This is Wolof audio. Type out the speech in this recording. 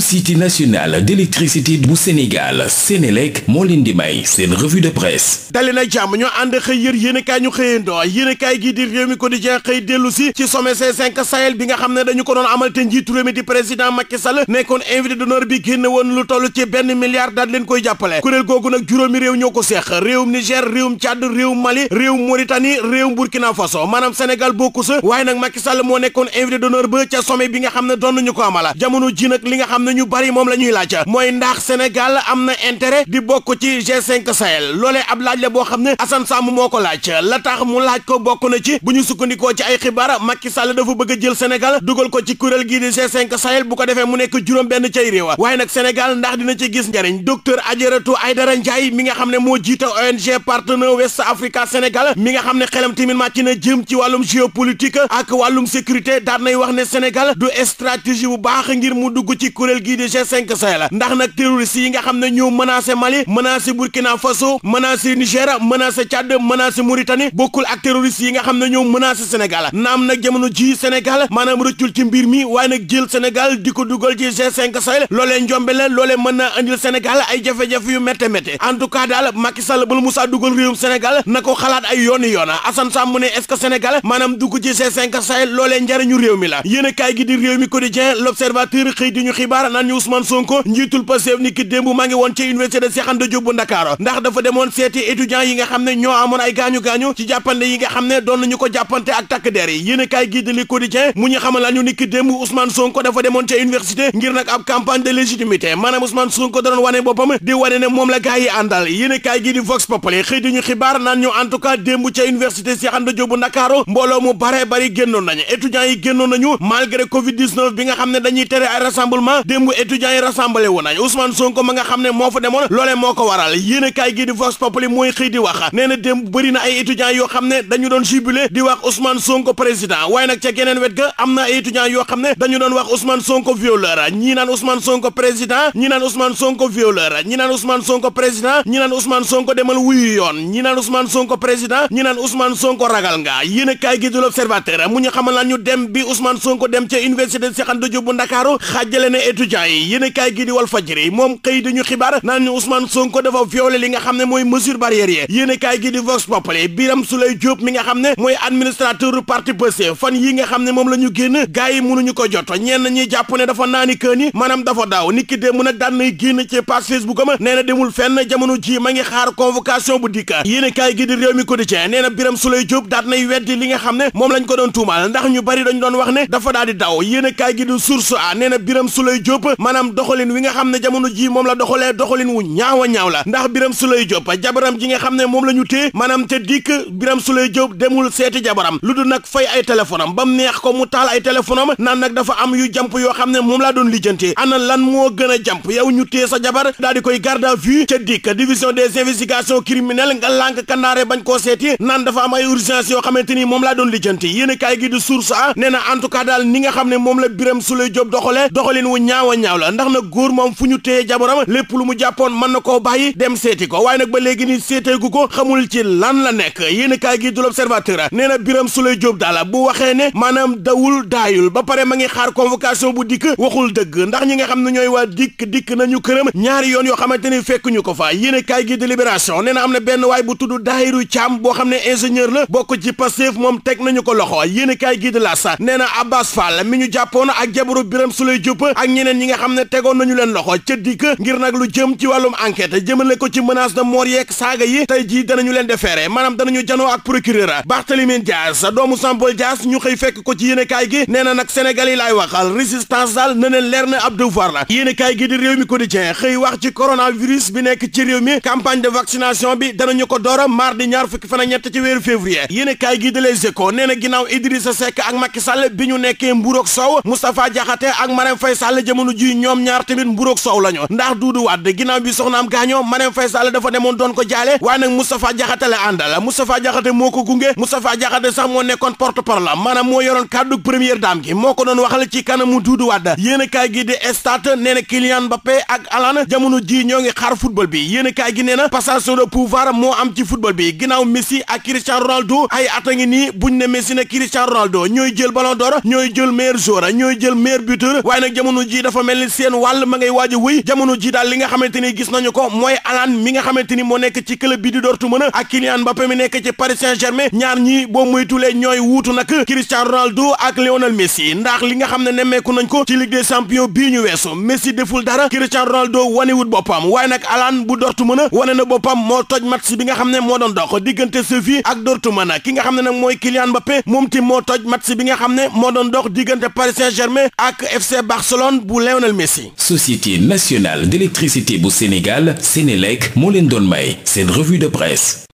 société nationale d'électricité bu Sénégal Sénélec moo leen di may seen revue de presse dali na jàmm ñoo ànd xëy yër yéenekaay ñu xëyandoo yéenekaay gi di réew mi quotidien xëy dellu si ci sommet C5 Sahel bi nga xam ne dañu ko doon amal te njiitu di président Macky nekkoon invité d'honneur bi génn woon lu ci benn milliard daal leen koy jàppale kuréel googu nag juróomi réew ñoo ko seex réewum Niger réewum Tchad réewum Mali réewum Mauritanie na ñu bari moom la ñuy laaj mooy ndax Sénégal am na intérêt di bokk ci G5 Sahel loolee ab laaj la boo xam ne assan Samb moo ko laaj la tax mu laaj ko bokk na ci bu ñu sukkandikoo ci ay xibaar Macky Sall dafa bëgg jël Sénégal dugal ko ci kuréel gii di G5 bu ko defee mu nekk juróom benn cay réew waaye nag Sénégal ndax dina ci gis njariñ docteur ay dara Ndiaye mi nga xam ne moo jiite ONG Partenaire West Africa Sénégal mi nga xam ne xelam tamit màcc na jëm ci wàllum géopolitique ak wàllum sécurité daan nay wax ne Sénégal du stratégie bu baax ngir mu dugg ci kuréel kuréel gii di G5 Sahel ndax nag terroristes yi nga xam ne ñoo menacé Mali menacé Burkina Faso menacé Niger menacé Tchad menacé Mauritanie bokkul ak terroristes yi nga xam ne ñoo menacé Sénégal naam nag jamono ji Sénégal maanaam rëccul ci mbir mi waaye nag jël Sénégal di ko dugal ci G5 Sahel loolee njombe la loolee mën na andil Sénégal ay jafe-jafe yu métte métte en tout cas daal Macky Sall bala musaa dugal réewum Sénégal na ko xalaat ay yooni yoona Assane Samb mu ne est-ce a kaay xibaar naan ñu Ousmane Sonko njiitul Pastef ni démb maa ngi woon ci université de Cheikh Anta Ndakaaru ndax dafa demoon seeti étudiants yi nga xam ne ñoo amoon ay gaañu-gaañu ci jàppante yi nga xam ne doon nañu ko jàppante ak takk der yi yéen a kaay gii di Le Quotidien mu ñu xamal ñu ni ki démb Ousmane Sonko dafa demoon ca université ngir nag ab campagne de légitimité maanaam Ousmane Sonko da wane boppam di wane ne moom la gaay yi a kaay yi ne dañuy tere ay rassemblement démb étudiants yi rassemblé woon nañ Ousmane Sonko ma nga xam ne moo fa demoon loolee moo ko waral yéen a kaay gi di Vox Populi mooy xëy di wax nee na démb bëri yoo xam ne dañu doon jubilé di wax Ousmane Sonko président waaye nag ca geneen wet ga am na ay yoo xam ne dañu doon wax Ousmane Sonko violeur ñii naan Ousmane Sonko président ñii naan Ousmane Sonko violeur ñii naan Ousmane Sonko président ñii naan Ousmane Sonko demal wuyu yoon ñii naan Ousmane Sonko président ñii naan Ousmane Sonko ragal nga yéen a kaay gi dem bi étudiants yi yéen a kaay gi di wal fajri moom xëy dañu xibaar naan ñu Ousmane Sonko dafa violé li nga xam ne mooy mesure barrière yi yéen a kaay gi di Vox Populi Biram Souleye Diop mi nga xam ne mooy administrateur parti Pastef fan yi nga xam ne moom la ñu génn gars yi mënuñu ko jot ñenn ñi jàpp ne dafa naani kën yi maanaam dafa daaw nit ki démb nag daan nay génn ci page Facebook am nee na demul fenn jamono ji ma ngi xaar convocation bu dikka a kaay gi di xam ne moom lañ ko doon tuumaal ndax wax ne dafa daal di daw yéen a kaay gi di source a Diop maanaam doxalin wi nga xam ne jamono ji moom la doxalee doxalin wu ñaaw a ñaaw la ndax Birame Souleye Diop jabaram ji nga xam ne moom la ñu téye maanaam te dikk Birame Souleye Diop demul seeti jabaram lu dul nag fay ay téléphone ba mu neex ko mu taal ay téléphone am naan nag dafa am yu jàmp yoo xam ne moom laa doon lijjantee ana lan moo gën a jàmp yow ñu téye sa jabar daal di koy garde à vue ca dikk division des investigations criminelles nga lànk kandaare bañ koo seeti naan dafa am ay urgence yoo xamante ni moom laa doon lijjante yéen kaay gi di source a nee na en tout cas daal ni nga xam ne moom la Birame Souleye Diop doxale doxalin wu ñaaw ñaawa ñaaw la ndax nag góor moom fu ñu téye lépp lu mu jàppoon mën na koo bàyyi dem seeti ko waaye nag ba léegi ni seeteegu ko xamul lan la nekk yéen kaay gi du l'observateur nee na Birame Souleye Diop daala bu waxee ne maanaam dawul daayul ba pare ma ngi xaar convocation bu dikk waxul dëgg ndax ñi nga xam ne ñooy waa dikk dikk nañu këram ñaari yoon yoo xamante ni fekk ñu ko fa yéen kaay gi de Libération nee na am na benn waay bu tudd Daayiru Caam boo xam ne ingénieur la bokk ci Pastef moom teg nañu ko loxo yéen kaay gi de L'As nee na Abbas Fall mi ñu jàppoon ak jabaru Birame Souleye Diop ak ñeneen ñi nga xam ne tegoon nañu leen loxo ca dikk ngir nag lu jëm ci wàllum enquête jëmale ko ci menace de mort yeeg saaga yi tey jii danañu leen defeere maanaam danañu janoo ak procureur a Barthélémy Dias doomu Sampol Dias ñu xëy fekk ko ci yéenekaay gi nee na nag Sénégal yi waxal résistance daal na leen leer na ab devoir gi di réew mi quotidien xëy wax ci coronavirus bi nekk ci réew mi campagne de vaccination bi danañu ko doora mardi ñaar fukki fan ak ñett ci weeru février yéenekaay gi de jamono ji ñoom ñaar tamit mburoog soow la ñu ndax Doudou Wade ginnaaw bi soxnaam gaañoo Marième Faye Sall dafa demoon doon ko jaale waaye nag Moustapha Diakhaté la àndal Moustapha Diakhaté moo ko gunge Moustapha moo nekkoon porte-parole maanaam moo yoroon kàddu première dame moo ko ci kanamu bi yéenekaay gi nee na passation moo am ci football bi ginnaaw Messi ak Cristiano Ronaldo ay at a ngi nii buñ ne Messi na Cristiano Ronaldo ñooy ñooy jël meilleur joueur ñooy jël meilleur ji dafa mel ni seen wàll ma ngay waaj a wëy jamono li nga xamante ni gis nañu ko mooy alaan mi nga xamante ni moo nekk ci club bi di Dortmund ak Kylian Mbappé mi nekk ci Paris Saint-Germain ñaar ñi boo moytulee ñooy wuutu nag Cristiano Ronaldo ak Lionel Messi ndax li nga xam ne nemmeeku nañ ko ci Ligue des champions bii ñu weesu Messi deful dara Cristiano Ronaldo wanewut boppam waaye nag alaan bu Dortmund wane na boppam moo toj match bi nga xam ne moo doon dox diggante Séville ak Dortmund ki nga xam ne nag mooy Kylian Mbappé moom ti moo toj match bi nga xam ne moo doon dox diggante Paris Saint-Germain ak bu Lionel Messi. Société nationale d'électricité bu Sénégal Sénélec moo leen doon may seen revue de presse.